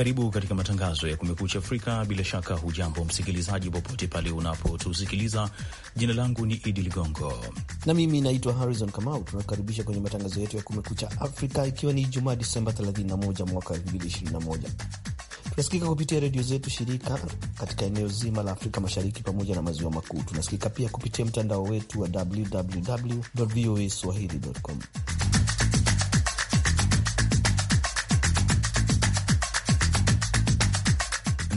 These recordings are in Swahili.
Karibu katika matangazo ya Kumekucha Afrika. Bila shaka, hujambo msikilizaji, popote pale unapotusikiliza. Jina langu ni Idi Ligongo na mimi naitwa Harrison Kamau. Tunakaribisha kwenye matangazo yetu ya Kumekucha Afrika, ikiwa ni Ijumaa Disemba 31 mwaka 2021. Tunasikika kupitia redio zetu shirika katika eneo zima la Afrika Mashariki pamoja na maziwa makuu. Tunasikika pia kupitia mtandao wetu wa www voa swahili com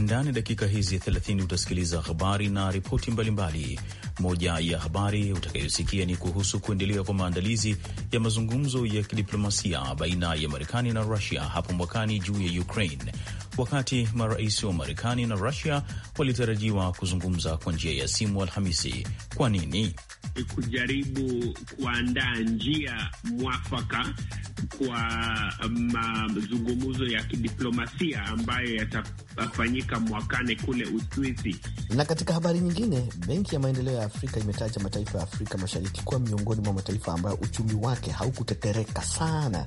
ndani dakika hizi 30 utasikiliza habari na ripoti mbalimbali. Moja ya habari utakayosikia ni kuhusu kuendelea kwa maandalizi ya mazungumzo ya kidiplomasia baina ya Marekani na Rusia hapo mwakani juu ya Ukraine wakati marais wa Marekani na Rusia walitarajiwa kuzungumza kwa njia ya simu Alhamisi. Kwa nini? Kujaribu kuandaa njia mwafaka kwa um, mazungumzo ya kidiplomasia ambayo yatafanyika mwakane kule Uswisi. Na katika habari nyingine, Benki ya Maendeleo ya Afrika imetaja mataifa ya Afrika Mashariki kuwa miongoni mwa mataifa ambayo uchumi wake haukutetereka sana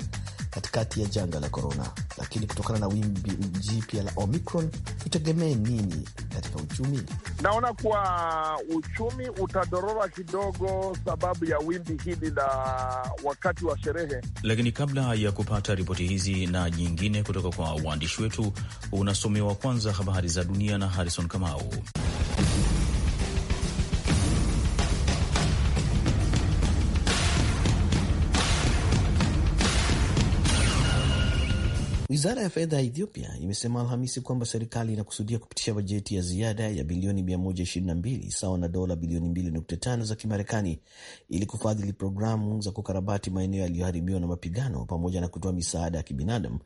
katikati ya janga la korona, lakini kutokana na wimbi jipya la Omicron tutegemee nini katika uchumi? Naona kuwa uchumi utadorora kidogo sababu ya wimbi hili la wakati wa sherehe. Lakini kabla ya kupata ripoti hizi na nyingine kutoka kwa waandishi wetu, unasomewa kwanza habari za dunia na Harrison Kamau. Wizara ya fedha ya Ethiopia imesema Alhamisi kwamba serikali inakusudia kupitisha bajeti ya ziada ya bilioni 122 sawa na dola bilioni 2.5 za Kimarekani ili kufadhili programu za kukarabati maeneo yaliyoharibiwa na mapigano pamoja na kutoa misaada ya kibinadamu,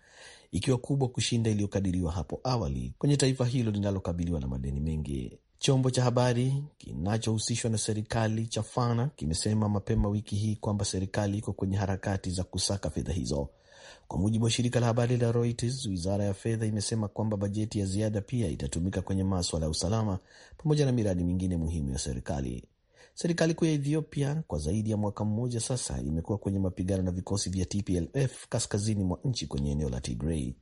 ikiwa kubwa kushinda iliyokadiriwa hapo awali kwenye taifa hilo linalokabiliwa na madeni mengi. Chombo cha habari kinachohusishwa na serikali cha Fana kimesema mapema wiki hii kwamba serikali iko kwenye harakati za kusaka fedha hizo. Kwa mujibu wa shirika la habari la Reuters, wizara ya fedha imesema kwamba bajeti ya ziada pia itatumika kwenye maswala ya usalama pamoja na miradi mingine muhimu ya serikali. Serikali kuu ya Ethiopia kwa zaidi ya mwaka mmoja sasa imekuwa kwenye mapigano na vikosi vya TPLF kaskazini mwa nchi kwenye eneo la tigrei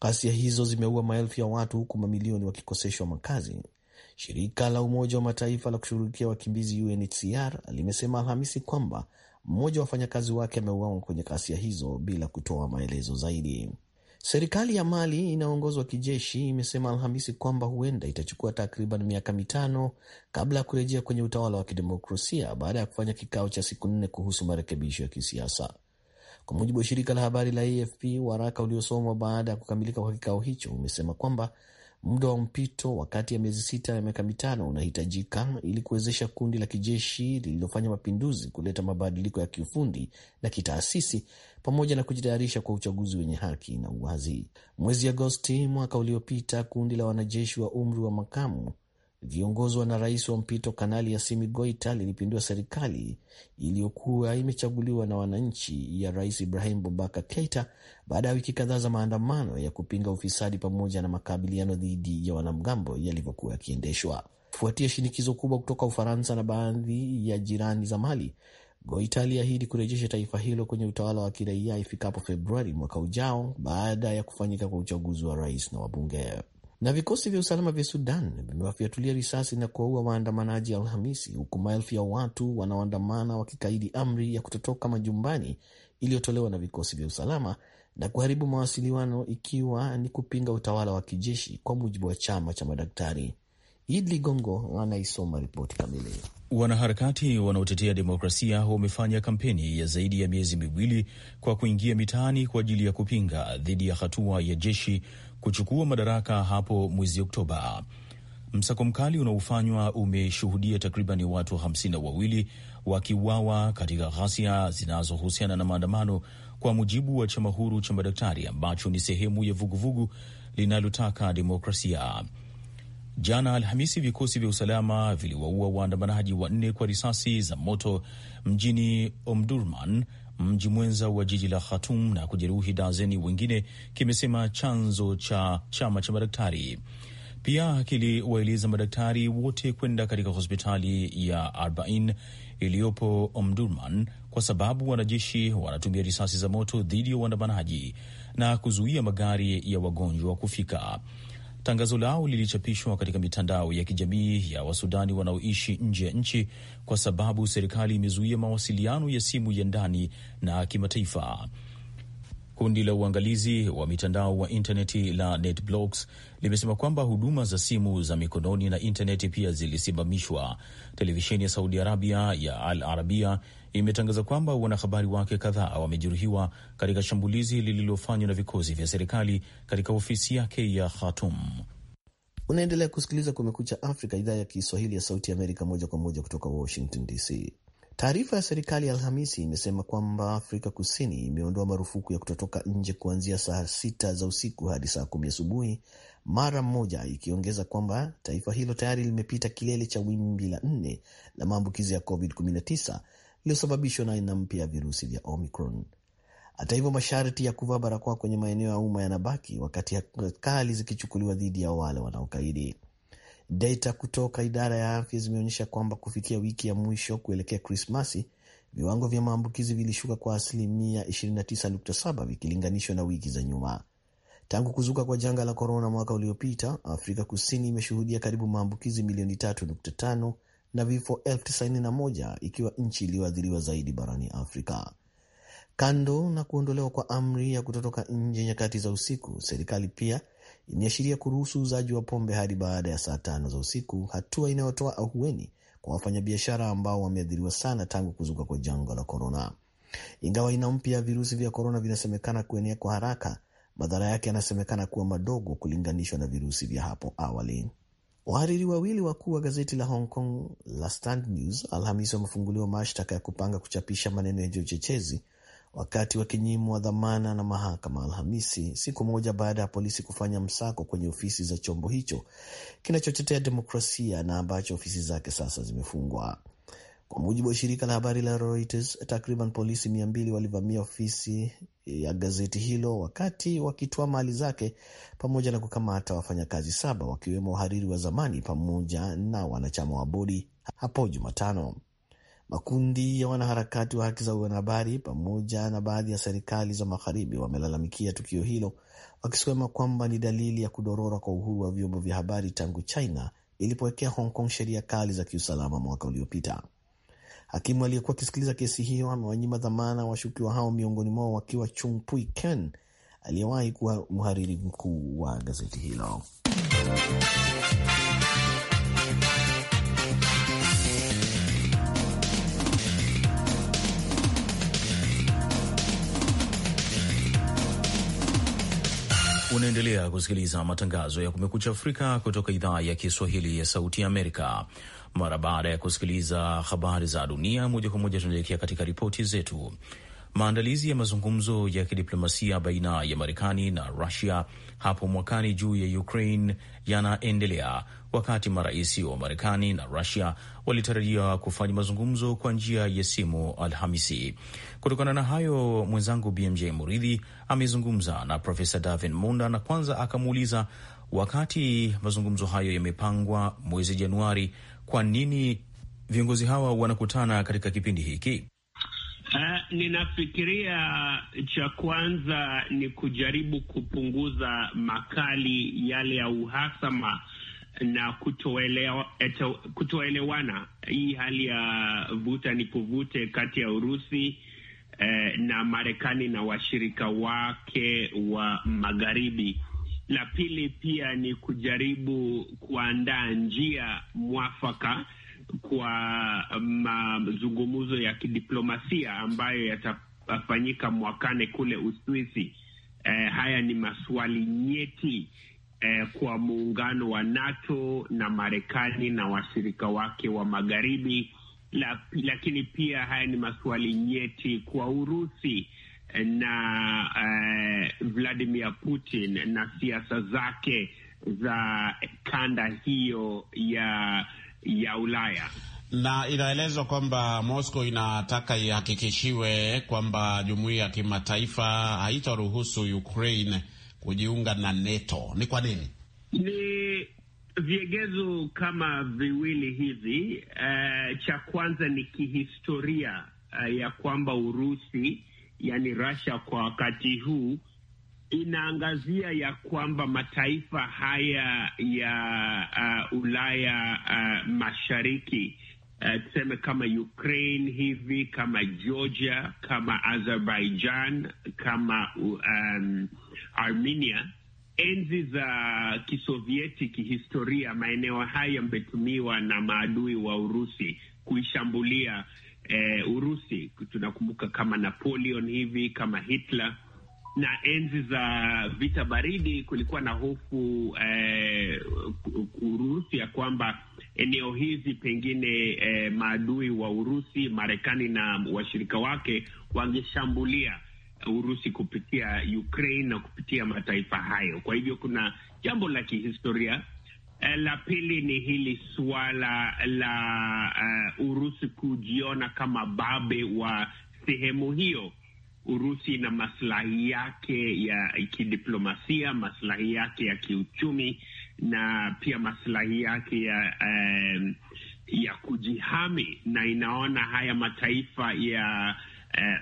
Ghasia hizo zimeua maelfu ya watu huku mamilioni wakikoseshwa makazi. Shirika la Umoja wa Mataifa la kushughulikia wakimbizi UNHCR limesema Alhamisi kwamba mmoja wa wafanyakazi wake ameuawa kwenye ghasia hizo bila kutoa maelezo zaidi. Serikali ya Mali inayoongozwa kijeshi imesema Alhamisi kwamba huenda itachukua takriban miaka mitano kabla ya kurejea kwenye utawala wa kidemokrasia baada ya kufanya kikao cha siku nne kuhusu marekebisho ya kisiasa. Kwa mujibu wa shirika la habari la AFP, waraka uliosomwa baada ya kukamilika kwa kikao hicho umesema kwamba Muda wa mpito wa kati ya miezi sita na miaka mitano unahitajika ili kuwezesha kundi la kijeshi lililofanya mapinduzi kuleta mabadiliko ya kiufundi na kitaasisi pamoja na kujitayarisha kwa uchaguzi wenye haki na uwazi. Mwezi Agosti mwaka uliopita, kundi la wanajeshi wa umri wa makamu viongozwa na rais wa mpito Kanali yasimi Goita lilipindua serikali iliyokuwa imechaguliwa na wananchi ya Rais Ibrahim Boubacar Keita baada ya wiki kadhaa za maandamano ya kupinga ufisadi pamoja na makabiliano dhidi ya wanamgambo yalivyokuwa yakiendeshwa. Kufuatia shinikizo kubwa kutoka Ufaransa na baadhi ya jirani za Mali, Goita aliahidi kurejesha taifa hilo kwenye utawala wa kiraia ifikapo Februari mwaka ujao baada ya kufanyika kwa uchaguzi wa rais na wabunge na vikosi vya usalama vya Sudan vimewafyatulia risasi na kuwaua waandamanaji Alhamisi, huku maelfu ya watu wanaoandamana wakikaidi amri ya kutotoka majumbani iliyotolewa na vikosi vya usalama na kuharibu mawasiliano, ikiwa ni kupinga utawala wa kijeshi, kwa mujibu wa chama cha madaktari. Idli Gongo anaisoma ripoti kamili. Wanaharakati wanaotetea demokrasia wamefanya kampeni ya zaidi ya miezi miwili kwa kuingia mitaani kwa ajili ya kupinga dhidi ya hatua ya jeshi kuchukua madaraka hapo mwezi Oktoba. Msako mkali unaofanywa umeshuhudia takriban watu hamsini na wawili wakiuawa katika ghasia zinazohusiana na maandamano, kwa mujibu wa chama huru cha madaktari ambacho ni sehemu ya vuguvugu linalotaka demokrasia. Jana Alhamisi, vikosi vya usalama viliwaua waandamanaji wanne kwa risasi za moto mjini Omdurman, mji mwenza wa jiji la Khartoum na kujeruhi dazeni wengine, kimesema chanzo cha chama cha madaktari. Pia kiliwaeleza madaktari wote kwenda katika hospitali ya Arbain iliyopo Omdurman kwa sababu wanajeshi wanatumia risasi za moto dhidi ya waandamanaji na kuzuia magari ya wagonjwa kufika. Tangazo lao lilichapishwa katika mitandao ya kijamii ya Wasudani wanaoishi nje ya nchi kwa sababu serikali imezuia mawasiliano ya simu ya ndani na kimataifa. Kundi la uangalizi wa mitandao wa intaneti la NetBlocks limesema kwamba huduma za simu za mikononi na intaneti pia zilisimamishwa. Televisheni ya Saudi Arabia ya Al Arabia imetangaza kwamba wanahabari wake kadhaa wamejeruhiwa katika shambulizi lililofanywa na vikosi vya serikali katika ofisi yake ya Khartoum. Unaendelea kusikiliza Kumekucha Afrika, idhaa ya Kiswahili ya Sauti ya Amerika, moja kwa moja kutoka Washington DC. Taarifa ya serikali ya Alhamisi imesema kwamba Afrika Kusini imeondoa marufuku ya kutotoka nje kuanzia saa sita za usiku hadi saa kumi asubuhi mara mmoja ikiongeza kwamba taifa hilo tayari limepita kilele cha wimbi la nne la maambukizi ya COVID-19 iliyosababishwa na aina mpya ya virusi vya Omicron. Hata hivyo, masharti ya kuvaa barakoa kwenye maeneo ya umma yanabaki, wakati hatua kali zikichukuliwa dhidi ya wale wanaokaidi. Data kutoka idara ya afya zimeonyesha kwamba kufikia wiki ya mwisho kuelekea Krismasi, viwango vya maambukizi vilishuka kwa asilimia 29.7 vikilinganishwa na wiki za nyuma. Tangu kuzuka kwa janga la korona mwaka uliopita, Afrika Kusini imeshuhudia karibu maambukizi milioni 3.5 na vifo 91 ikiwa nchi iliyoathiriwa zaidi barani Afrika. Kando na kuondolewa kwa amri ya kutotoka nje nyakati za usiku, serikali pia imeashiria kuruhusu uuzaji wa pombe hadi baada ya saa tano za usiku, hatua inayotoa ahueni kwa wafanyabiashara ambao wameathiriwa sana tangu kuzuka kwa janga la korona. Ingawa aina mpya ya virusi vya korona vinasemekana kuenea kwa haraka, madhara yake yanasemekana kuwa madogo kulinganishwa na virusi vya hapo awali. Wahariri wawili wakuu wa gazeti la Hong Kong la Stand News Alhamisi wamefunguliwa mashtaka ya kupanga kuchapisha maneno ya uchochezi wakati wakinyimwa dhamana na mahakama Alhamisi, siku moja baada ya polisi kufanya msako kwenye ofisi za chombo hicho kinachotetea demokrasia na ambacho ofisi zake sasa zimefungwa. Kwa mujibu wa shirika la habari la Reuters, takriban polisi mia walivamia ofisi ya gazeti hilo wakati wakitoa mali zake pamoja na kukamata wafanyakazi saba wakiwemo wahariri wa zamani pamoja na wanachama wa bodi hapo Jumatano. Makundi ya wanaharakati wa haki za wanahabari pamoja na baadhi ya serikali za magharibi wamelalamikia tukio hilo, wakisema kwamba ni dalili ya kudorora kwa uhuru wa vyombo vya habari tangu China ilipowekea Hong Kong sheria kali za kiusalama mwaka uliopita. Hakimu aliyekuwa akisikiliza kesi hiyo amewanyima dhamana washukiwa hao, miongoni mwao wakiwa Chung Pui Ken aliyewahi kuwa mhariri mkuu wa gazeti hilo. Unaendelea kusikiliza matangazo ya Kumekucha Afrika kutoka idhaa ya Kiswahili ya Sauti ya Amerika. Mara baada ya kusikiliza habari za dunia moja kwa moja, tunaelekea katika ripoti zetu. Maandalizi ya mazungumzo ya kidiplomasia baina ya Marekani na Rusia hapo mwakani juu ya Ukraine yanaendelea wakati marais wa Marekani na Rusia walitarajiwa kufanya mazungumzo kwa njia ya simu Alhamisi. Kutokana na hayo, mwenzangu BMJ Muridhi amezungumza na Profesa Davin Munda na kwanza akamuuliza wakati mazungumzo hayo yamepangwa mwezi Januari, kwa nini viongozi hawa wanakutana katika kipindi hiki? Uh, ninafikiria cha kwanza ni kujaribu kupunguza makali yale ya uhasama na kutoelewana. Hii hali ya vuta ni kuvute kati ya Urusi eh, na Marekani na washirika wake wa magharibi. La pili pia ni kujaribu kuandaa njia mwafaka kwa mazungumzo ya kidiplomasia ambayo yatafanyika mwakane kule Uswisi. Eh, haya ni maswali nyeti eh, kwa muungano wa NATO na Marekani na washirika wake wa magharibi la, lakini pia haya ni maswali nyeti kwa Urusi eh, na eh, Vladimir Putin na siasa zake za kanda hiyo ya ya Ulaya na inaelezwa kwamba Moscow inataka ihakikishiwe kwamba jumuiya ya kimataifa haitaruhusu Ukraine kujiunga na NATO. Ni kwa nini? Ni viegezo kama viwili hivi. Uh, cha kwanza ni kihistoria uh, ya kwamba Urusi, yani Russia, kwa wakati huu inaangazia ya kwamba mataifa haya ya uh, Ulaya uh, mashariki uh, tuseme kama Ukraine hivi kama Georgia kama Azerbaijan kama um, Armenia enzi za Kisovieti kihistoria, maeneo haya yametumiwa na maadui wa Urusi kuishambulia eh, Urusi. Tunakumbuka kama Napoleon hivi kama Hitler na enzi za vita baridi kulikuwa na hofu eh, Urusi ya kwamba eneo hizi pengine eh, maadui wa Urusi, Marekani na washirika wake wangeshambulia Urusi kupitia Ukraine na kupitia mataifa hayo. Kwa hivyo kuna jambo la kihistoria. Eh, la pili ni hili suala la uh, Urusi kujiona kama babe wa sehemu hiyo Urusi na maslahi yake ya kidiplomasia, maslahi yake ya kiuchumi na pia maslahi yake ya um, ya kujihami, na inaona haya mataifa ya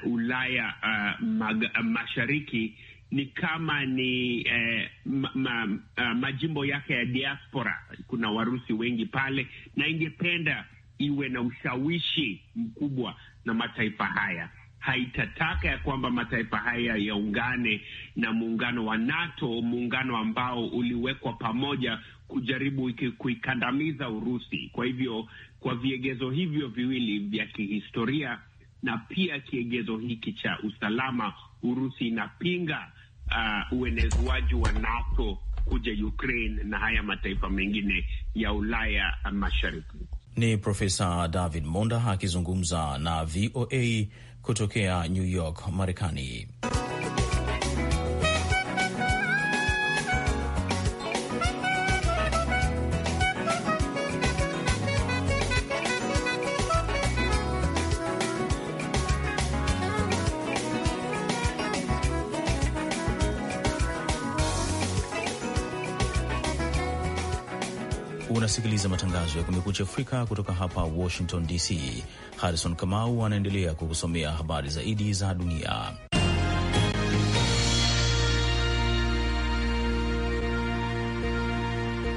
uh, Ulaya uh, mag, mashariki ni kama ni uh, ma, ma, uh, majimbo yake ya diaspora. Kuna Warusi wengi pale na ingependa iwe na ushawishi mkubwa na mataifa haya haitataka ya kwamba mataifa haya yaungane na muungano wa NATO, muungano ambao uliwekwa pamoja kujaribu kuikandamiza Urusi. Kwa hivyo, kwa viegezo hivyo viwili vya kihistoria na pia kiegezo hiki cha usalama, Urusi inapinga uh, uenezwaji wa NATO kuja Ukraine na haya mataifa mengine ya Ulaya uh, Mashariki. Ni Profesa David Monda akizungumza na VOA kutokea New York, Marekani. unasikiliza matangazo ya Kumekucha Afrika kutoka hapa Washington DC. Harrison Kamau anaendelea kukusomea habari zaidi za dunia.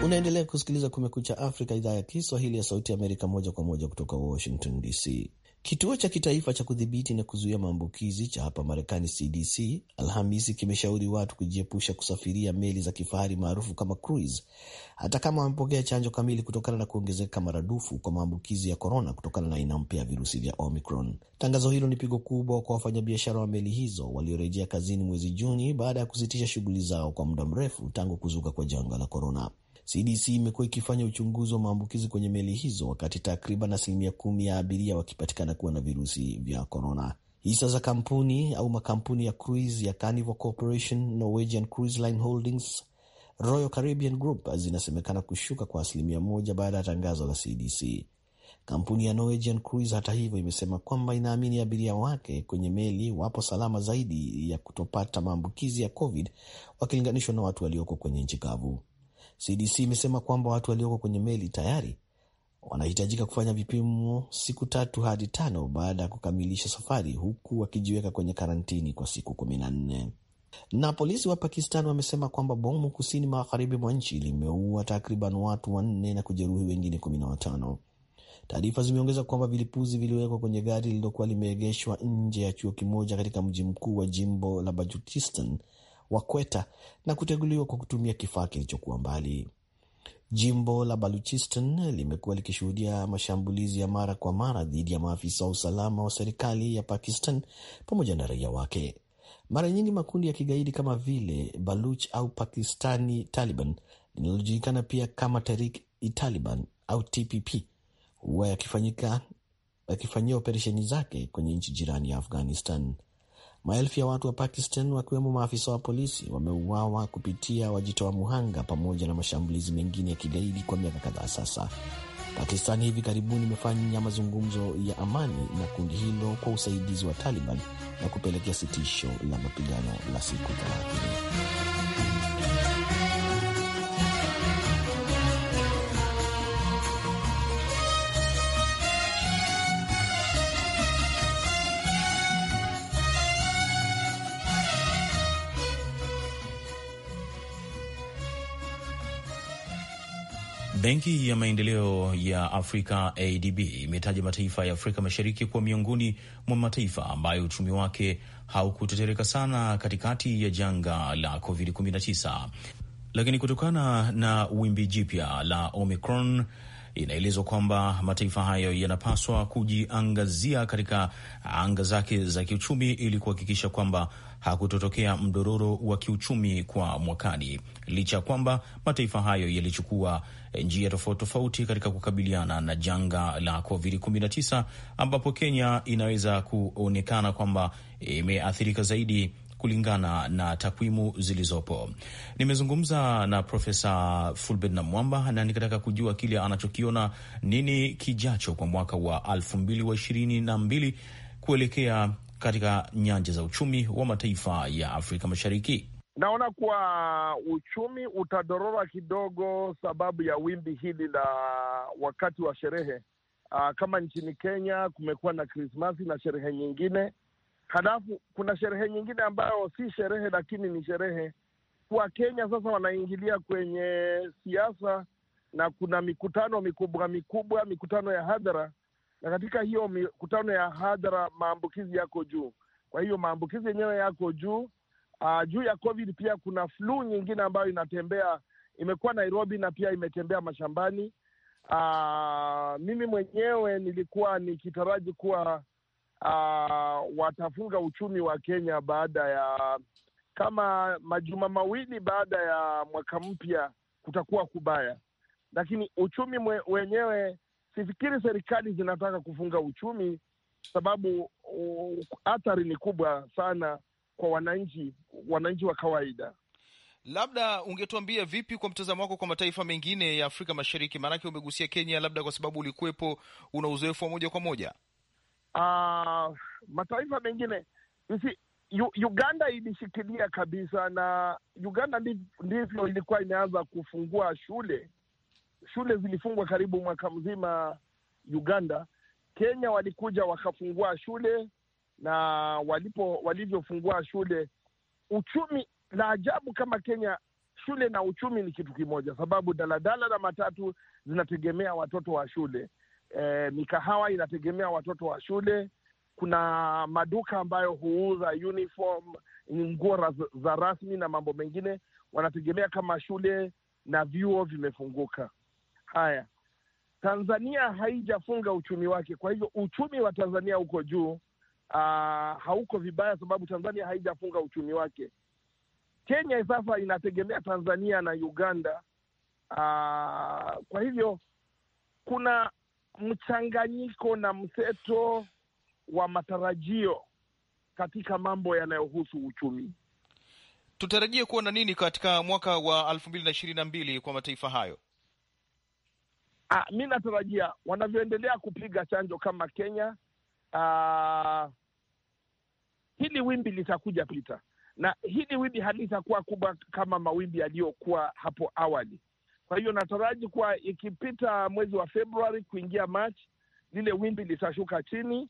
Unaendelea kusikiliza Kumekucha Afrika, idhaa ya Kiswahili ya Sauti ya Amerika, moja kwa moja kutoka Washington DC. Kituo cha kitaifa cha kudhibiti na kuzuia maambukizi cha hapa Marekani, CDC, Alhamisi kimeshauri watu kujiepusha kusafiria meli za kifahari maarufu kama cruise, hata kama wamepokea chanjo kamili, kutokana na kuongezeka maradufu kwa maambukizi ya korona kutokana na aina mpya ya virusi vya Omicron. Tangazo hilo ni pigo kubwa kwa wafanyabiashara wa meli hizo waliorejea kazini mwezi Juni baada ya kusitisha shughuli zao kwa muda mrefu tangu kuzuka kwa janga la korona. CDC imekuwa ikifanya uchunguzi wa maambukizi kwenye meli hizo, wakati takriban asilimia kumi ya abiria wakipatikana kuwa na virusi vya korona. Hisa za kampuni au makampuni ya cruise ya Carnival Corporation, Norwegian Cruise Line Holdings, Royal Caribbean Group zinasemekana kushuka kwa asilimia moja baada ya tangazo la CDC. Kampuni ya Norwegian Cruise hata hivyo imesema kwamba inaamini abiria wake kwenye meli wapo salama zaidi ya kutopata maambukizi ya COVID wakilinganishwa na watu walioko kwenye nchi kavu. CDC imesema kwamba watu walioko kwenye meli tayari wanahitajika kufanya vipimo siku tatu hadi tano baada ya kukamilisha safari huku wakijiweka kwenye karantini kwa siku kumi na nne. Na polisi wa Pakistan wamesema kwamba bomu kusini magharibi mwa nchi limeua takriban watu wanne na kujeruhi wengine kumi na watano. Taarifa zimeongeza kwamba vilipuzi viliwekwa kwenye gari lililokuwa limeegeshwa nje ya chuo kimoja katika mji mkuu wa jimbo la Bajutistan Wakweta na kuteguliwa kwa kutumia kifaa kilichokuwa mbali. Jimbo la Baluchistan limekuwa likishuhudia mashambulizi ya mara kwa mara dhidi ya maafisa wa usalama wa serikali ya Pakistan pamoja na raia wake. Mara nyingi makundi ya kigaidi kama vile Baluch au Pakistani Taliban linalojulikana pia kama Tarik i Taliban au TPP huwa yakifanyia operesheni zake kwenye nchi jirani ya Afghanistan. Maelfu ya watu wa Pakistan wakiwemo maafisa wa polisi wameuawa kupitia wajitoa muhanga pamoja na mashambulizi mengine ya kigaidi kwa miaka kadhaa sasa. Pakistan hivi karibuni imefanya mazungumzo ya amani na kundi hilo kwa usaidizi wa Taliban na kupelekea sitisho la mapigano la siku 30. Benki ya Maendeleo ya Afrika ADB imetaja mataifa ya Afrika Mashariki kuwa miongoni mwa mataifa ambayo uchumi wake haukutetereka sana katikati ya janga la COVID-19, lakini kutokana na wimbi jipya la Omicron Inaelezwa kwamba mataifa hayo yanapaswa kujiangazia katika anga zake za kiuchumi ili kuhakikisha kwamba hakutotokea mdororo wa kiuchumi kwa mwakani, licha ya kwamba mataifa hayo yalichukua njia tofauti tofauti katika kukabiliana na janga la COVID-19, ambapo Kenya inaweza kuonekana kwamba imeathirika zaidi kulingana na takwimu zilizopo. Nimezungumza na Profesa Fulbert mwamba na nikataka kujua kile anachokiona nini kijacho kwa mwaka wa elfu mbili wa ishirini na mbili kuelekea katika nyanja za uchumi wa mataifa ya Afrika Mashariki. Naona kuwa uchumi utadorora kidogo sababu ya wimbi hili la wakati wa sherehe. Aa, kama nchini Kenya kumekuwa na Krismasi na sherehe nyingine Halafu kuna sherehe nyingine ambayo si sherehe, lakini ni sherehe. kenya sasa wanaingilia kwenye siasa na kuna mikutano mikubwa mikubwa, mikutano ya hadhara, na katika hiyo mikutano ya hadhara maambukizi yako juu. Kwa hiyo maambukizi yenyewe yako juu. Uh, juu ya COVID pia kuna flu nyingine ambayo inatembea, imekuwa Nairobi na pia imetembea mashambani. Uh, mimi mwenyewe nilikuwa nikitaraji kuwa uh, watafunga uchumi wa Kenya baada ya kama majuma mawili baada ya mwaka mpya, kutakuwa kubaya, lakini uchumi mwe, wenyewe sifikiri serikali zinataka kufunga uchumi, sababu uh, athari ni kubwa sana kwa wananchi wananchi wa kawaida. Labda ungetuambia vipi kwa mtazamo wako kwa mataifa mengine ya Afrika Mashariki? Maanake umegusia Kenya, labda kwa sababu ulikuwepo, una uzoefu wa moja kwa moja uh, mataifa mengine Uganda ilishikilia kabisa, na Uganda ndivyo ilikuwa imeanza kufungua shule. Shule zilifungwa karibu mwaka mzima Uganda. Kenya walikuja wakafungua shule, na walipo walivyofungua shule, uchumi la ajabu kama Kenya, shule na uchumi ni kitu kimoja, sababu daladala na matatu zinategemea watoto wa shule e, mikahawa inategemea watoto wa shule. Kuna maduka ambayo huuza uniform, nguo raz, za rasmi na mambo mengine, wanategemea kama shule na vyuo vimefunguka. Haya, Tanzania haijafunga uchumi wake, kwa hivyo uchumi wa Tanzania uko juu. Uh, hauko vibaya sababu Tanzania haijafunga uchumi wake. Kenya sasa inategemea Tanzania na Uganda. Uh, kwa hivyo kuna mchanganyiko na mseto wa matarajio katika mambo yanayohusu uchumi. Tutarajie kuona nini katika mwaka wa elfu mbili na ishirini na mbili kwa mataifa hayo? Ah, mi natarajia wanavyoendelea kupiga chanjo kama Kenya, ah, hili wimbi litakuja pita, na hili wimbi halitakuwa kubwa kama mawimbi yaliyokuwa hapo awali. Kwa hiyo nataraji kuwa ikipita mwezi wa Februari kuingia Machi, lile wimbi litashuka chini.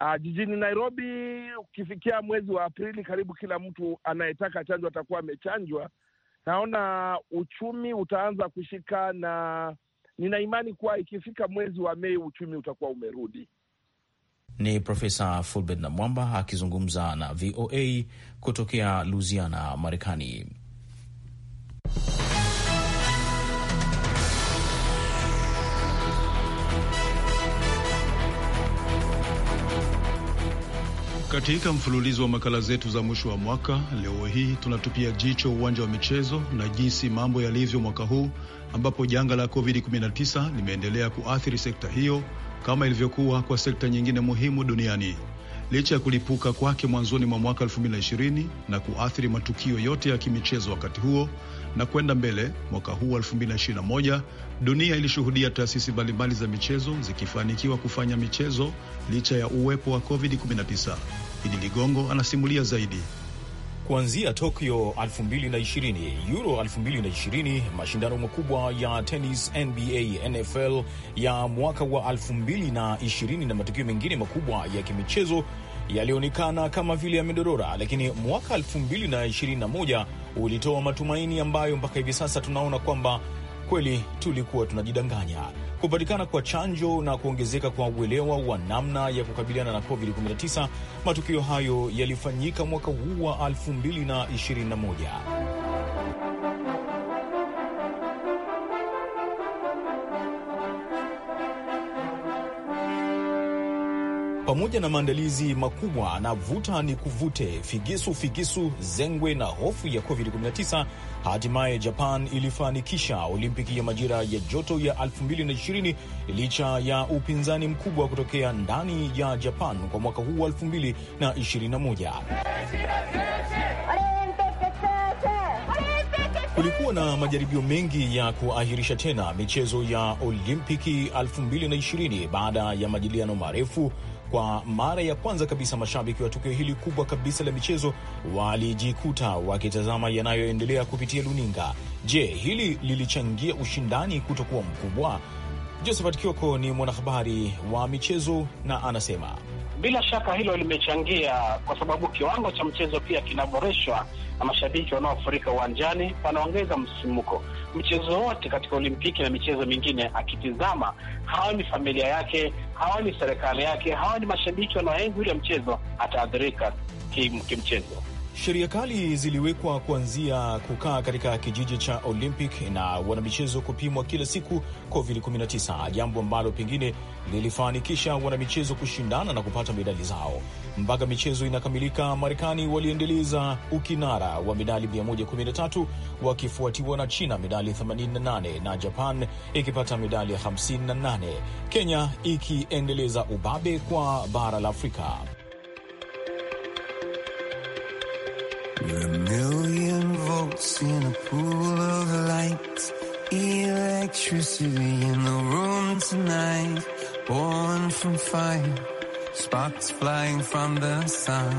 Uh, jijini Nairobi ukifikia mwezi wa Aprili, karibu kila mtu anayetaka chanjo atakuwa amechanjwa. Naona uchumi utaanza kushika, na nina imani kuwa ikifika mwezi wa Mei uchumi utakuwa umerudi. Ni Profesa Fulbert Namwamba akizungumza na VOA kutokea Louisiana, Marekani. Katika mfululizo wa makala zetu za mwisho wa mwaka, leo hii tunatupia jicho uwanja wa michezo na jinsi mambo yalivyo mwaka huu ambapo janga la COVID-19 limeendelea kuathiri sekta hiyo kama ilivyokuwa kwa sekta nyingine muhimu duniani licha ya kulipuka kwake mwanzoni mwa mwaka 2020 na kuathiri matukio yote ya kimichezo wakati huo na kwenda mbele. Mwaka huu 2021 dunia ilishuhudia taasisi mbalimbali za michezo zikifanikiwa kufanya michezo licha ya uwepo wa COVID-19. Idi Ligongo anasimulia zaidi. Kuanzia Tokyo 2020, Euro 2020, mashindano makubwa ya tenis, NBA, NFL ya mwaka wa 2020 na matukio mengine makubwa ya kimichezo yalionekana kama vile yamedorora, lakini mwaka 2021 ulitoa matumaini ambayo mpaka hivi sasa tunaona kwamba Kweli tulikuwa tunajidanganya. Kupatikana kwa chanjo na kuongezeka kwa uelewa wa namna ya kukabiliana na COVID-19, matukio hayo yalifanyika mwaka huu wa 2021. pamoja na maandalizi makubwa na vuta ni kuvute, figisu figisu, zengwe na hofu ya COVID-19, hatimaye Japan ilifanikisha Olimpiki ya majira ya joto ya 2020 licha ya upinzani mkubwa kutokea ndani ya Japan kwa mwaka huu wa 2021. Kulikuwa na majaribio mengi ya kuahirisha tena michezo ya Olimpiki 2020 baada ya majadiliano marefu kwa mara ya kwanza kabisa mashabiki wa tukio hili kubwa kabisa la michezo walijikuta wakitazama yanayoendelea kupitia luninga. Je, hili lilichangia ushindani kutokuwa mkubwa? Josephat Kioko ni mwanahabari wa michezo na anasema bila shaka hilo limechangia, kwa sababu kiwango cha mchezo pia kinaboreshwa na mashabiki wanaofurika uwanjani wanaongeza msimuko. Mchezo wote katika Olimpiki na michezo mingine, akitizama hawani familia yake, hawani serikali yake, hawani mashabiki wanaoenzi ule mchezo, ataathirika kimchezo. Sheria kali ziliwekwa kuanzia kukaa katika kijiji cha Olympic na wanamichezo kupimwa kila siku COVID-19, jambo ambalo pengine lilifanikisha wanamichezo kushindana na kupata medali zao. Mpaka michezo inakamilika, Marekani waliendeleza ukinara wa medali 113 wakifuatiwa na China medali 88 na Japan ikipata medali 58, Kenya ikiendeleza ubabe kwa bara la Afrika. You're a million volts in a pool of light. Electricity in the room tonight. Born from fire. Sparks flying from the sun.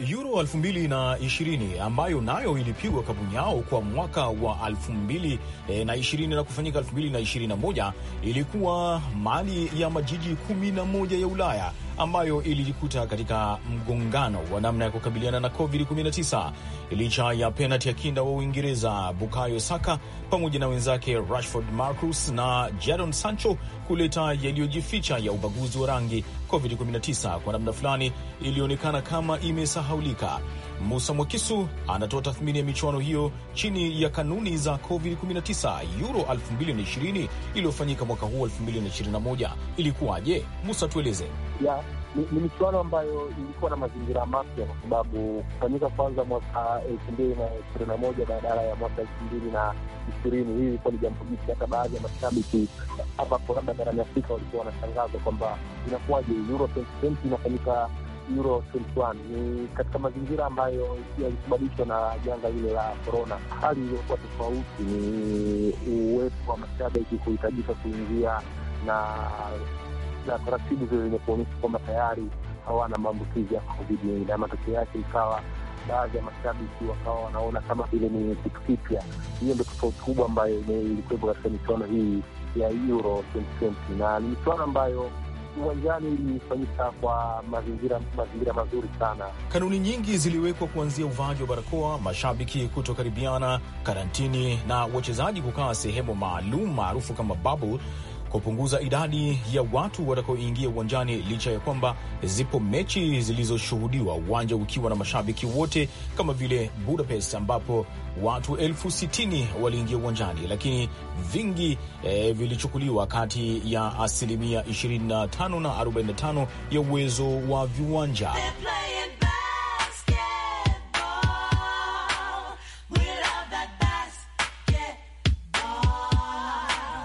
Euro 2020 ambayo nayo ilipigwa yao kwa mwaka wa 2020 na, na kufanyika 2021 ilikuwa mali ya majiji 11 ya Ulaya ambayo ilijikuta katika mgongano wa namna ya kukabiliana na COVID-19 licha ya penati ya kinda wa Uingereza Bukayo Saka pamoja na wenzake Rashford Marcus na Jadon Sancho kuleta yaliyojificha ya ubaguzi wa rangi. COVID-19 kwa namna fulani ilionekana kama imesahaulika. Musa Mwakisu anatoa tathmini ya michuano hiyo chini ya kanuni za COVID-19. Euro 2020 iliyofanyika mwaka huu 2021 ilikuwaje? Musa, tueleze. Yeah, ni, ni michuano ambayo ilikuwa na mazingira mapya kwa sababu kufanyika kwanza mwaka 2021 badala ya mwaka 2020. Hii ilikuwa ni jambo jipya. Hata baadhi ya mashabiki ambapo labda barani Afrika walikuwa wanashangazwa kwamba inakuwaje Euro 2020 inafanyika Euro 2021 ni katika mazingira ambayo yalisababishwa na janga hile la korona. Hali iliyokuwa tofauti ni uwepo wa mashabiki kuhitajika kuingia na na taratibu zile zenye kuonyesha kwamba tayari hawana maambukizi ya COVID, na matokeo yake ikawa baadhi ya mashabiki wakawa wanaona kama vile ni kitu kipya. Hiyo ndo tofauti kubwa ambayo ilikuwepo katika michuano hii ya Euro 2020 na ni michuano ambayo uwanjani ilifanyika kwa mazingira mazingira mazuri sana. Kanuni nyingi ziliwekwa kuanzia uvaaji wa barakoa, mashabiki kutokaribiana, karantini na wachezaji kukaa sehemu maalum maarufu kama bubble kupunguza idadi ya watu watakaoingia uwanjani licha ya kwamba zipo mechi zilizoshuhudiwa uwanja ukiwa na mashabiki wote kama vile Budapest ambapo watu elfu sitini waliingia uwanjani, lakini vingi e, vilichukuliwa kati ya asilimia 25 na 45 ya uwezo wa viwanja.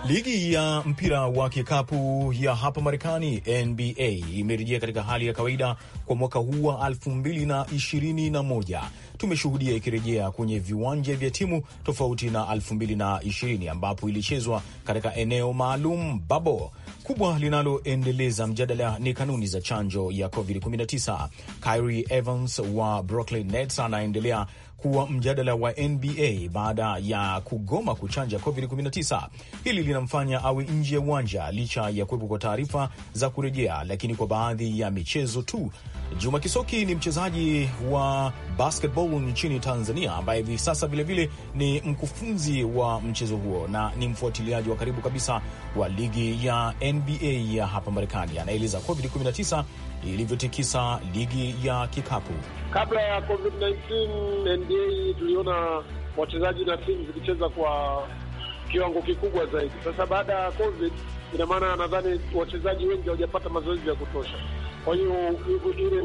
Ligi ya mpira wa kikapu ya hapa Marekani, NBA, imerejea katika hali ya kawaida kwa mwaka huu wa 2021. Tumeshuhudia ikirejea kwenye viwanja vya timu tofauti na 2020 ambapo ilichezwa katika eneo maalum babo kubwa linaloendeleza mjadala ni kanuni za chanjo ya COVID-19. Kyrie Evans wa Brooklyn Nets anaendelea kuwa mjadala wa NBA baada ya kugoma kuchanja COVID-19. Hili linamfanya awe nje ya uwanja licha ya kuwepo kwa taarifa za kurejea, lakini kwa baadhi ya michezo tu. Juma Kisoki ni mchezaji wa basketball nchini Tanzania ambaye hivi sasa vilevile ni mkufunzi wa mchezo huo na ni mfuatiliaji wa karibu kabisa wa ligi ya NBA ya hapa Marekani. Anaeleza COVID-19 ilivyotikisa ligi ya kikapu. Kabla ya COVID-19, NBA tuliona wachezaji na timu zikicheza kwa kiwango kikubwa zaidi. Sasa baada ya COVID, ina maana nadhani wachezaji wengi hawajapata mazoezi ya kutosha, kwa hiyo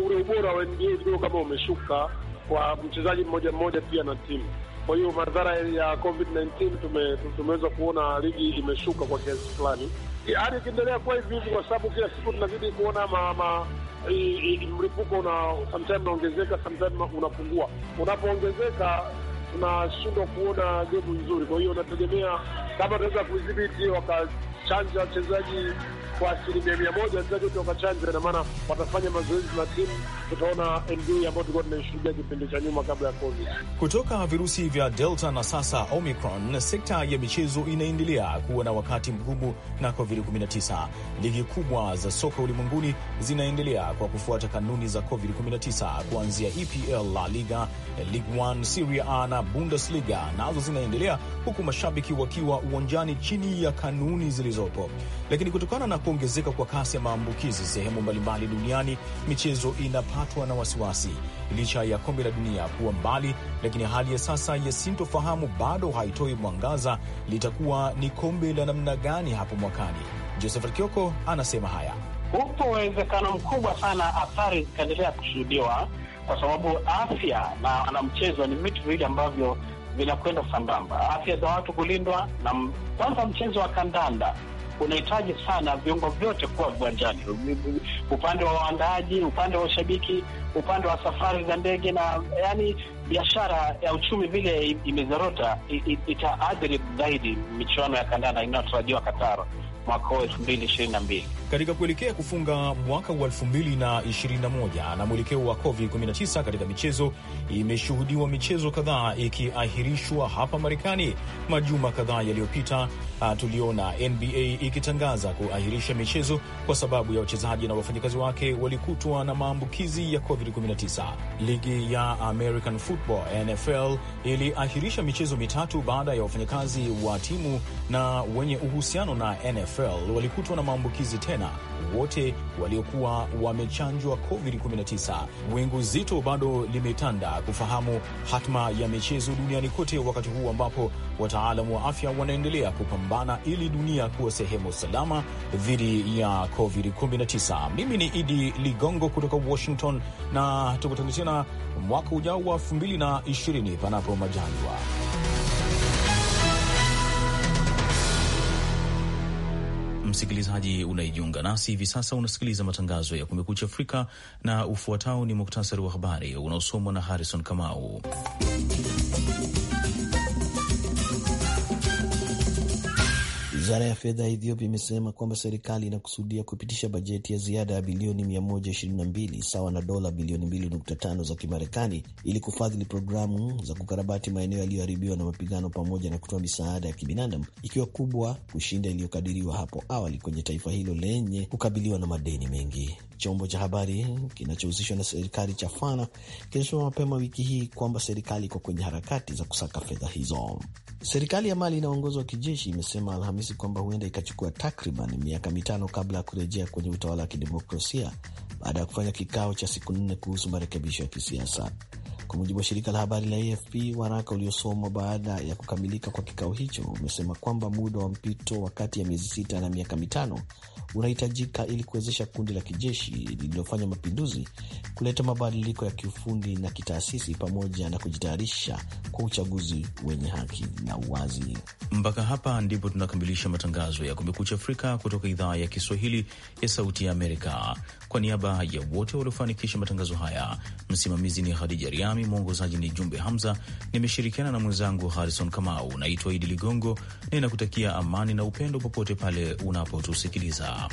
ule ubora wa NBA kidogo kama umeshuka kwa mchezaji mmoja mmoja, pia na timu. Kwa hiyo madhara ya COVID-19 tume, tumeweza kuona ligi imeshuka kwa kiasi fulani hadi ikiendelea kuwa hivi hivi, kwa sababu kila siku tunazidi kuona ma, ma mlipuko una sometime unaongezeka sometime unapungua. Unapoongezeka tunashindwa kuona jibu nzuri, kwa hiyo unategemea kama tunaweza kudhibiti waka chanjo ya wachezaji kwa asilimia mia moja, wachezaji wote wakachanjwa. Ina maana watafanya mazoezi na timu, tutaona NBA ambayo tulikuwa tunaishuhudia kipindi cha nyuma kabla ya COVID. Kutoka virusi vya Delta na sasa Omicron, sekta ya michezo inaendelea kuwa na wakati mgumu na COVID-19. Ligi kubwa za soka ulimwenguni zinaendelea kwa kufuata kanuni za COVID-19, kuanzia EPL, La Liga, Ligue 1, Serie A na Bundesliga, nazo zinaendelea huku mashabiki wakiwa uwanjani chini ya kanuni zile zilizopo. Lakini kutokana na kuongezeka kwa kasi ya maambukizi sehemu mbalimbali duniani, michezo inapatwa na wasiwasi. Licha ya kombe la dunia kuwa mbali, lakini hali ya sasa ya sintofahamu bado haitoi mwangaza. Litakuwa ni kombe la namna gani hapo mwakani? Josephat Kioko anasema haya. Upo uwezekano mkubwa sana athari zikaendelea kushuhudiwa, kwa sababu afya na wanamchezo ni vitu viwili ambavyo vinakwenda sambamba, afya za watu kulindwa. Na kwanza, mchezo wa kandanda unahitaji sana viungo vyote kuwa viwanjani, upande wa waandaaji, upande wa ushabiki, upande wa safari za ndege, na yani biashara ya uchumi vile imezorota, itaathiri zaidi michuano ya kandanda inayotarajiwa Katara mwaka huu 2022. Katika kuelekea kufunga mwaka wa 2021 na mwelekeo wa COVID-19 katika michezo, imeshuhudiwa michezo kadhaa ikiahirishwa hapa Marekani. Majuma kadhaa yaliyopita, ah, tuliona NBA ikitangaza kuahirisha michezo kwa sababu ya wachezaji na wafanyakazi wake walikutwa na maambukizi ya COVID-19. Ligi ya American Football NFL iliahirisha michezo mitatu baada ya wafanyakazi wa timu na wenye uhusiano na NFL NFL walikutwa na maambukizi tena, wote waliokuwa wamechanjwa COVID-19. Wingu zito bado limetanda kufahamu hatma ya michezo duniani kote, wakati huu ambapo wataalamu wa afya wanaendelea kupambana ili dunia kuwa sehemu salama dhidi ya COVID-19. Mimi ni Idi Ligongo kutoka Washington, na tukutane tena mwaka ujao wa 2020 panapo majaliwa. msikilizaji unaijiunga nasi hivi sasa, unasikiliza matangazo ya Kumekucha Afrika na ufuatao ni muktasari wa habari unaosomwa na Harrison Kamau. Wizara ya fedha ya Ethiopia imesema kwamba serikali inakusudia kupitisha bajeti ya ziada ya bilioni 122 sawa na dola bilioni 2.5 za Kimarekani ili kufadhili programu za kukarabati maeneo yaliyoharibiwa na mapigano pamoja na kutoa misaada ya kibinadamu, ikiwa kubwa kushinda iliyokadiriwa hapo awali kwenye taifa hilo lenye kukabiliwa na madeni mengi. Chombo cha habari kinachohusishwa na serikali cha Fana kinasema mapema wiki hii kwamba serikali iko kwenye harakati za kusaka fedha hizo. Serikali ya Mali inaongozwa kijeshi imesema Alhamisi kwamba huenda ikachukua takriban miaka mitano kabla ya kurejea kwenye utawala wa kidemokrasia baada ya kufanya kikao cha siku nne kuhusu marekebisho ya kisiasa. Kwa mujibu wa shirika la habari la AFP, waraka uliosomwa baada ya kukamilika kwa kikao hicho umesema kwamba muda wa mpito wa kati ya miezi sita na miaka mitano unahitajika ili kuwezesha kundi la kijeshi lililofanya mapinduzi kuleta mabadiliko ya kiufundi na kitaasisi pamoja na kujitayarisha kwa uchaguzi wenye haki na uwazi. Mpaka hapa ndipo tunakamilisha matangazo ya Kumekucha Afrika kutoka idhaa ya Kiswahili ya Sauti ya Amerika. Kwa niaba ya wote waliofanikisha matangazo haya, msimamizi ni Hadija Riami nami mwongozaji ni Jumbe Hamza, nimeshirikiana na mwenzangu Harrison Kamau. Naitwa Idi Ligongo, ninakutakia amani na upendo popote pale unapotusikiliza.